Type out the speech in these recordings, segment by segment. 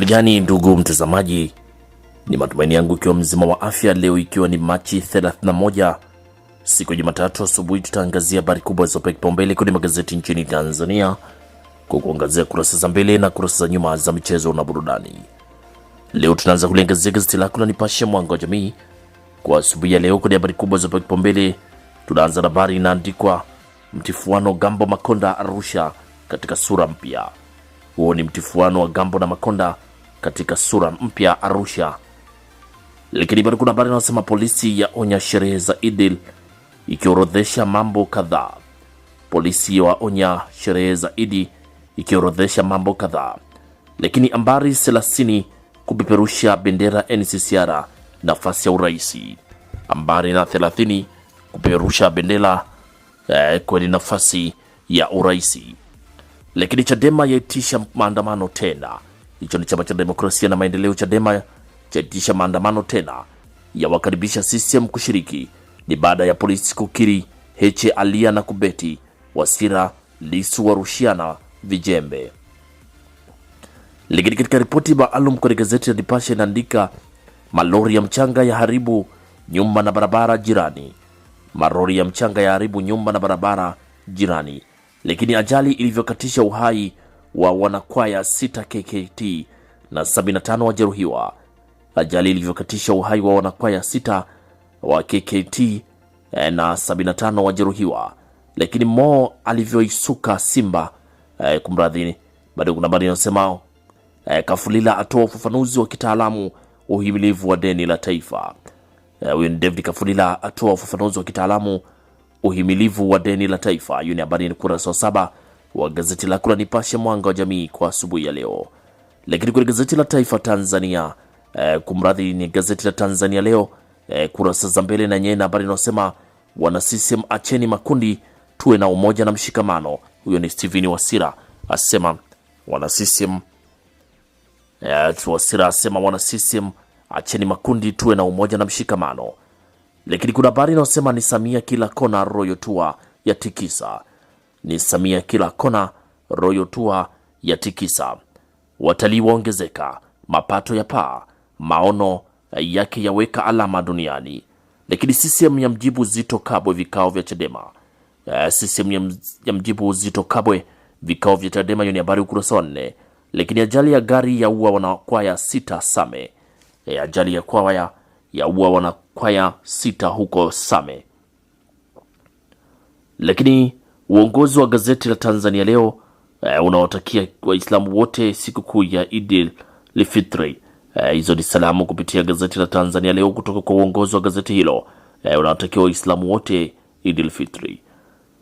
gani ndugu mtazamaji, ni matumaini yangu ikiwa mzima wa afya. Leo ikiwa ni Machi 31 siku ya Jumatatu asubuhi, tutaangazia habari kubwa zilizopewa kipaumbele kwenye magazeti nchini Tanzania kwa kuangazia kurasa za mbele na kurasa za nyuma za michezo na burudani. Leo tunaanza kuliangazia gazeti lako la Nipashe Mwanga wa Jamii kwa asubuhi ya leo kwenye habari kubwa zilizopewa kipaumbele. Tunaanza na habari inaandikwa mtifuano Gambo Makonda Arusha katika sura mpya huo ni mtifuano wa Gambo na Makonda katika sura mpya Arusha. Lakini bado kuna habari inayosema polisi yaonya sherehe za Idil ikiorodhesha mambo kadhaa. Polisi waonya sherehe za Idi ikiorodhesha mambo kadhaa. Lakini ambari 30 kupeperusha bendera NCCR nafasi ya urais. Ambari na 30 kupeperusha bendera eh, kwenye nafasi ya uraisi. Lakini Chadema yaitisha maandamano tena. Hicho ni chama cha demokrasia na maendeleo, Chadema chaitisha maandamano tena, yawakaribisha CCM kushiriki. Ni baada ya polisi kukiri Heche alia na kubeti, Wasira Lisu warushiana vijembe. Lakini katika ripoti maalum kwenye gazeti la Nipashe inaandika malori ya mchanga ya haribu nyumba na barabara jirani, malori ya mchanga ya haribu nyumba na barabara jirani lakini ajali ilivyokatisha uhai wa wanakwaya 6 KKT na 75 wajeruhiwa. Ajali ilivyokatisha uhai wa wanakwaya 6 wa KKT eh, na 75 wajeruhiwa, lakini Mo alivyoisuka Simba eh, kumradhi, Bado kuna habari inasema eh, Kafulila atoa ufafanuzi wa kitaalamu uhimilivu wa deni la taifa. Eh, huyu eh, ni David Kafulila atoa ufafanuzi wa kitaalamu uhimilivu wa deni la taifa. Hiyo ni habari ni kurasa wa saba wa gazeti lako la Nipashe Mwanga wa Jamii kwa asubuhi ya leo. Lakini kwenye gazeti la Taifa Tanzania eh, kumradhi ni gazeti la Tanzania Leo eh, kurasa za mbele na nyewe na habari inayosema wana CCM acheni makundi tuwe na umoja na mshikamano. Huyo ni Steven Wasira asema wana CCM eh, Wasira asema wana CCM acheni makundi tuwe na umoja na mshikamano lakini kuna habari inayosema ni Samia kila kona, Royal Tour ya tikisa. Ni Samia kila kona, Royal Tour ya tikisa. Watalii waongezeka, mapato ya paa, maono yake yaweka alama duniani. Lakini CCM ya mjibu Zito Kabwe vikao vya Chadema. CCM eh, ya mjibu Zito Kabwe vikao vya Chadema. Hiyo ni habari ukurasa wa nne. Lakini ajali ya gari ya ua wanakwaya sita Same. Eh, ajali ya kwaya yaua wanakwaya sita huko Same. Lakini uongozi wa gazeti la Tanzania Leo eh, unaotakia Waislamu wote sikukuu ya Idil Lifitri. Eh, hizo eh, ni salamu kupitia gazeti la Tanzania Leo kutoka kwa uongozi wa gazeti hilo eh, unaotakia Waislamu wote Idil Fitri.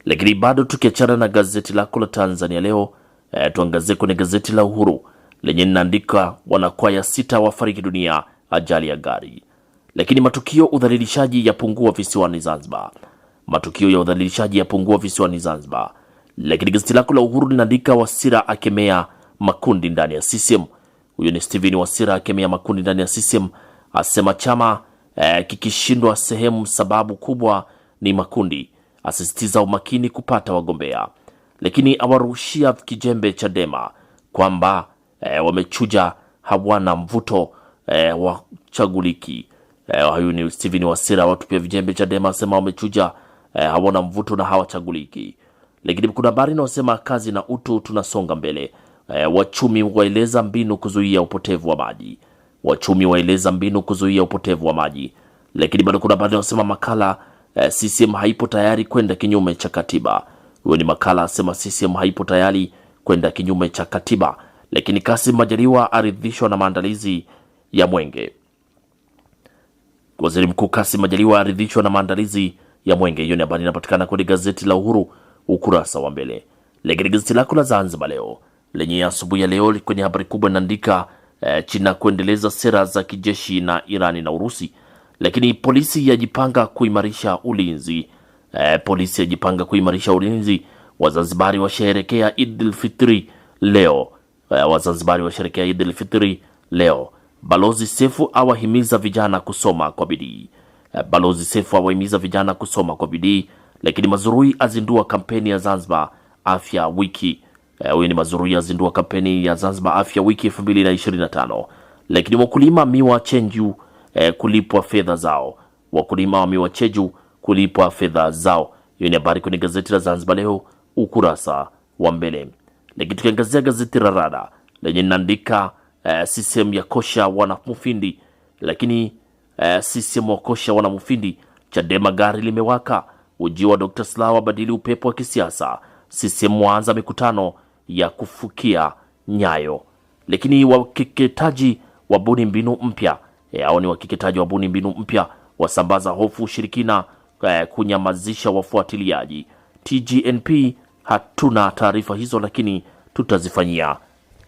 Lakini bado tukiachana na gazeti lako la Tanzania Leo eh, tuangazie kwenye gazeti la Uhuru lenye linaandika wanakwaya sita wafariki dunia ajali ya gari lakini matukio udhalilishaji yapungua visiwani Zanzibar. Matukio ya udhalilishaji yapungua visiwani Zanzibar. Lakini gazeti lako la Uhuru linaandika Wasira akemea makundi ndani ya CCM. Huyo ni Steven Wasira akemea makundi ndani ya CCM, asema chama eh, kikishindwa sehemu sababu kubwa ni makundi, asisitiza umakini kupata wagombea, lakini awarushia kijembe Chadema kwamba eh, wamechuja hawana mvuto eh, wachaguliki Eh, huyu ni Steven Wasira watu pia vijembe Chadema asema wamechuja, eh, hawana mvuto na hawachaguliki. Lakini kuna habari inayosema kazi na utu tunasonga mbele. Eh, wachumi waeleza mbinu kuzuia upotevu wa maji. Wachumi waeleza mbinu kuzuia upotevu wa maji. Lakini bado kuna habari inayosema makala eh, CCM haipo tayari kwenda kinyume cha katiba. Huyo ni makala asema CCM haipo tayari kwenda kinyume cha katiba. Lakini Kassim Majaliwa aridhishwa na maandalizi ya Mwenge. Waziri Mkuu Kassim Majaliwa aridhishwa na maandalizi ya Mwenge. Hiyo ni habari inapatikana kwenye gazeti la Uhuru ukurasa wa mbele. Lakini gazeti lako la Zanzibar Leo lenye asubuhi ya leo kwenye habari kubwa inaandika eh, China kuendeleza sera za kijeshi na Irani na Urusi. Lakini polisi yajipanga kuimarisha ulinzi eh, polisi yajipanga kuimarisha ulinzi. Wazanzibari washerekea Idil Fitri leo eh, Wazanzibari washerekea Idil Fitri leo Balozi Sefu awahimiza vijana kusoma kwa bidii. Balozi Sefu awahimiza vijana kusoma kwa bidii. Lakini Mazurui azindua kampeni ya Zanzibar afya wiki. Eh, huyu ni Mazurui azindua kampeni ya Zanzibar afya wiki 2025. Lakini wakulima miwa chenju eh, kulipwa fedha zao. Wakulima wa miwa chenju kulipwa fedha zao. Hiyo ni habari kwenye gazeti la Zanzibar leo ukurasa wa mbele. Lakini tukiangazia gazeti la Rada lenye linaandika uh, eh, CCM ya kosha wana Mufindi, lakini uh, eh, CCM wa kosha wana Mufindi. Chadema gari limewaka. Ujio wa Dr. Slaa wabadili upepo wa kisiasa. CCM waanza mikutano ya kufukia nyayo, lakini wakeketaji wabuni mbinu mpya e, ni ni wakeketaji wabuni mbinu mpya, wasambaza hofu ushirikina, kunyamazisha wafuatiliaji. TGNP hatuna taarifa hizo, lakini tutazifanyia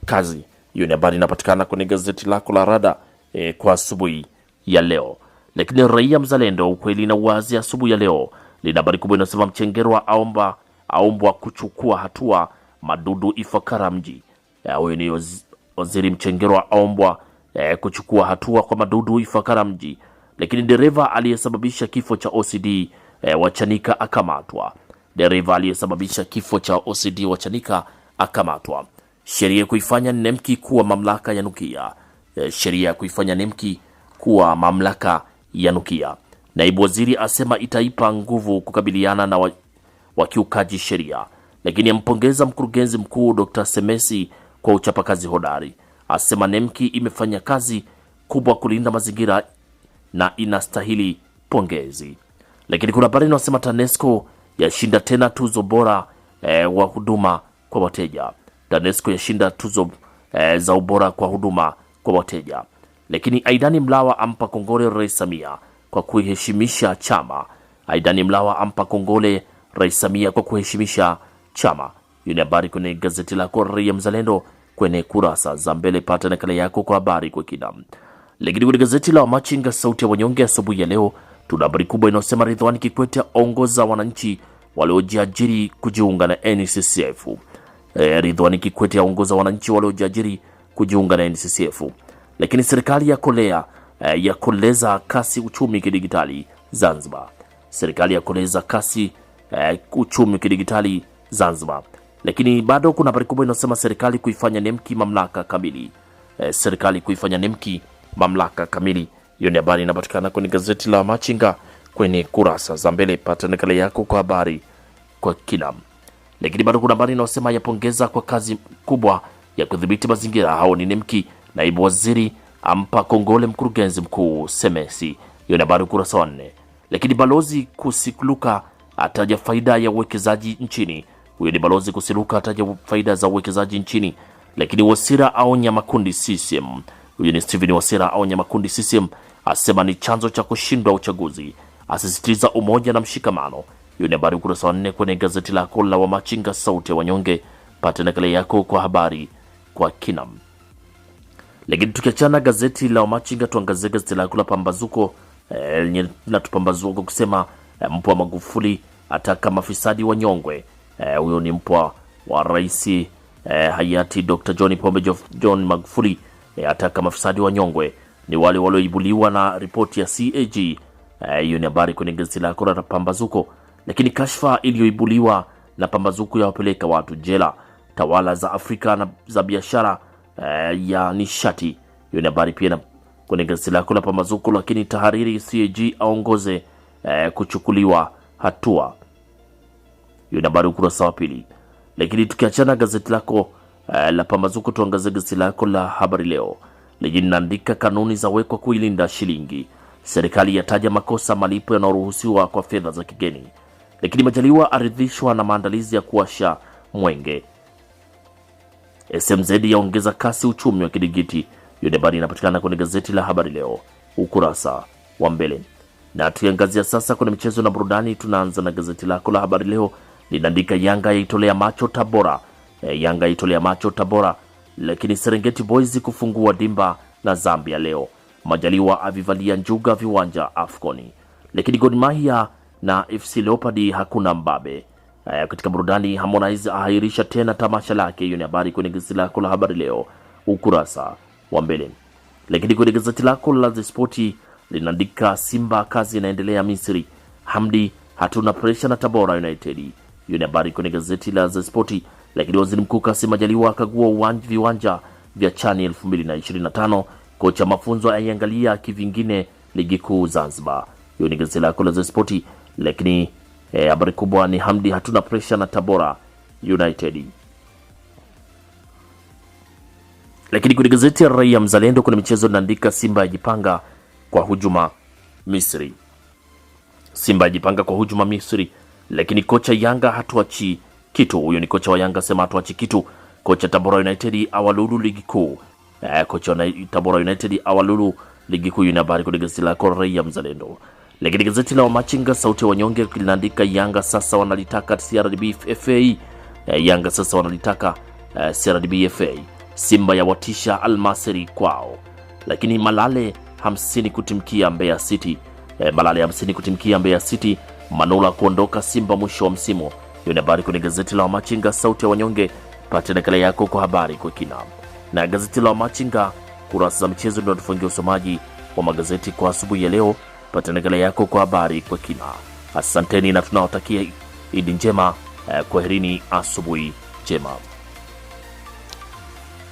kazi. Hiyo ni habari inapatikana kwenye gazeti lako la Rada e, kwa asubuhi ya leo. Lakini Raia Mzalendo, ukweli na uwazi, asubuhi ya leo lina habari kubwa inasema Mchengerwa aomba aombwa kuchukua hatua madudu Ifakara mji. E, huyu ni waziri Mchengerwa aombwa e, kuchukua hatua kwa madudu Ifakara mji. Lakini dereva aliyesababisha kifo cha OCD e, wachanika akamatwa. Dereva aliyesababisha kifo cha OCD wachanika akamatwa sheria ya kuifanya Nemki kuwa mamlaka ya Nukia, e, sheria ya kuifanya Nemki kuwa mamlaka ya Nukia. Naibu waziri asema itaipa nguvu kukabiliana na wakiukaji sheria, lakini ampongeza mkurugenzi mkuu Dr. Semesi kwa uchapakazi hodari. Asema Nemki imefanya kazi kubwa kulinda mazingira na inastahili pongezi. Lakini kuna habari inayosema TANESCO yashinda tena tuzo bora eh, wa huduma kwa wateja. TANESCO yashinda tuzo e, za ubora kwa huduma kwa wateja. Lakini Aidani Mlawa ampa kongole Rais Samia kwa kuheshimisha chama. Aidani Mlawa ampa kongole Rais Samia kwa kuheshimisha chama. Hiyo ni habari kwenye gazeti lako Raia Mzalendo kwenye kurasa za mbele. Pata nakala yako kwa habari kwa kina. Lakini kwenye gazeti la Wamachinga sauti ya wanyonge asubuhi ya leo tuna habari kubwa inayosema Ridhwani Kikwete aongoza wananchi waliojiajiri kujiunga na NCCF e, Ridhwani Kikwete aongoza wananchi waliojiajiri kujiunga na NCCF. Lakini serikali ya kolea e, ya koleza kasi uchumi kidigitali Zanzibar. Serikali ya koleza kasi e, uchumi kidigitali Zanzibar. Lakini bado kuna habari kubwa inasema serikali kuifanya nemki mamlaka kamili e, serikali kuifanya nemki mamlaka kamili. Hiyo ni habari inapatikana kwenye gazeti la Machinga kwenye kurasa za mbele. Pata nakala yako kwa habari kwa kinam lakini bado kuna habari inayosema yapongeza kwa kazi kubwa ya kudhibiti mazingira. Hao ni NEMKI, naibu waziri ampa kongole mkurugenzi mkuu Semesi. Hiyo ni habari ukurasa wa nne. Lakini balozi Kusikuluka ataja faida ya uwekezaji nchini. Huyo ni balozi Kusiluka ataja faida za uwekezaji nchini. Lakini Wasira aonya makundi CCM. Huyo ni Steven Wasira aonya makundi CCM, asema ni chanzo cha kushindwa uchaguzi, asisitiza umoja na mshikamano. Hiyo ni habari ukurasa wa nne kwenye gazeti lako la Wamachinga, sauti ya wanyonge. Pata nakala yako kwa habari kwa kinam. Lakini tukiachana gazeti la Wamachinga, tuangazie gazeti lako la Pambazuko eh, lenye eh, linatupambazua kwa kusema eh, mpwa Magufuli ataka mafisadi wanyongwe. Eh, huyo eh, ni mpwa wa rais eh, hayati Dr John Pombe John Magufuli eh, ataka mafisadi wanyongwe ni wale walioibuliwa na ripoti ya CAG. Eh, hiyo eh, ni habari kwenye gazeti lako la Pambazuko lakini kashfa iliyoibuliwa na pambazuku ya wapeleka watu jela, tawala za Afrika na za biashara eh, ya nishati. Hiyo ni habari pia kwenye gazeti lako la pambazuku Lakini tahariri CAG aongoze eh, kuchukuliwa hatua. Hiyo ni habari ukurasa wa pili. Lakini tukiachana gazeti lako eh, la pambazuku tuangazie gazeti lako la habari leo lenye linaandika kanuni za wekwa kuilinda shilingi, serikali yataja makosa malipo yanayoruhusiwa kwa fedha za kigeni lakini Majaliwa aridhishwa na maandalizi ya kuwasha mwenge. SMZ yaongeza kasi uchumi wa kidigiti. Hiyo habari inapatikana kwenye gazeti la Habari Leo ukurasa wa mbele, na tukiangazia sasa kwenye michezo na burudani, tunaanza na gazeti lako la Habari Leo linaandika Yanga yaitolea macho Tabora, e, Yanga yaitolea macho Tabora, lakini Serengeti Boys kufungua dimba na Zambia leo. Majaliwa avivalia njuga viwanja Afconi, lakini Gor Mahia na FC Leopard hakuna mbabe. Uh, katika burudani Harmonize ahairisha tena tamasha lake. Hiyo ni habari kwenye gazeti lako la habari leo ukurasa wa mbele, lakini kwenye gazeti lako la The Sport linaandika Simba kazi inaendelea Misri, Hamdi hatuna presha na Tabora United. Hiyo ni habari kwenye gazeti la The Sport. Lakini waziri mkuu Kassim Majaliwa akagua uwanja viwanja vya Chani 2025 kocha mafunzo aiangalia kivingine ligi kuu Zanzibar. Hiyo ni gazeti lako la The Sport lakini eh, habari eh, kubwa ni Hamdi, hatuna presha na Tabora United. Lakini kwenye gazeti ya Raia Mzalendo kuna michezo inaandika Simba yajipanga kwa hujuma Misri, Simba yajipanga kwa hujuma Misri, lakini kocha Yanga hatuachi kitu. Huyo ni kocha wa Yanga sema hatuachi kitu. Kocha Tabora United awalulu ligi kuu eh, kocha Tabora United awalulu ligi kuu. Ina habari kwenye gazeti lako Raia Mzalendo. Lakini gazeti la Wamachinga sauti ya wanyonge linaandika Yanga sasa wanalitaka CRDB FA. Eh, Yanga sasa wanalitaka eh, CRDB FA. Simba ya watisha almaseri kwao. Lakini Malale hamsini kutimkia Mbeya City. Eh, Malale hamsini kutimkia Mbeya City. Manula kuondoka Simba mwisho wa msimu. Hiyo ni habari kwenye gazeti la Wamachinga sauti ya wanyonge. Pata nakala yako kwa habari kwa kina. Na gazeti la Wamachinga kurasa za michezo ndio usomaji wa magazeti kwa asubuhi ya leo pata nakala yako kwa habari kwa kina. Asanteni na tunawatakia Idi njema, eh, kwaherini, asubuhi njema.